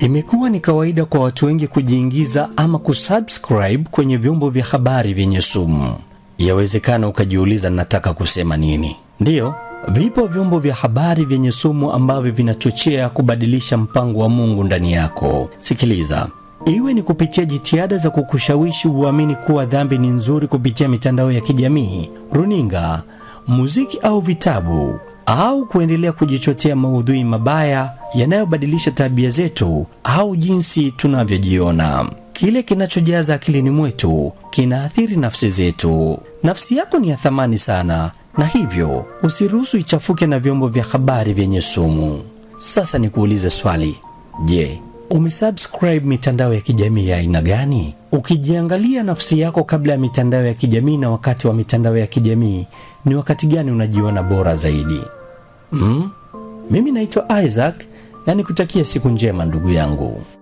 Imekuwa ni kawaida kwa watu wengi kujiingiza ama kusubscribe kwenye vyombo vya habari vyenye sumu. Yawezekana ukajiuliza nataka kusema nini? Ndiyo, vipo vyombo vya habari vyenye sumu ambavyo vinachochea kubadilisha mpango wa Mungu ndani yako. Sikiliza, iwe ni kupitia jitihada za kukushawishi uamini kuwa dhambi ni nzuri kupitia mitandao ya kijamii, runinga, muziki au vitabu au kuendelea kujichotea maudhui mabaya yanayobadilisha tabia zetu au jinsi tunavyojiona. Kile kinachojaza akilini mwetu kinaathiri nafsi zetu. Nafsi yako ni ya thamani sana, na hivyo usiruhusu ichafuke na vyombo vya habari vyenye sumu. Sasa nikuulize swali, je, umesubscribe mitandao ya kijamii ya aina gani? Ukijiangalia nafsi yako kabla ya mitandao ya kijamii na wakati wa mitandao ya kijamii, ni wakati gani unajiona bora zaidi? Mm? Mimi naitwa Isaac na nikutakia siku njema ndugu yangu.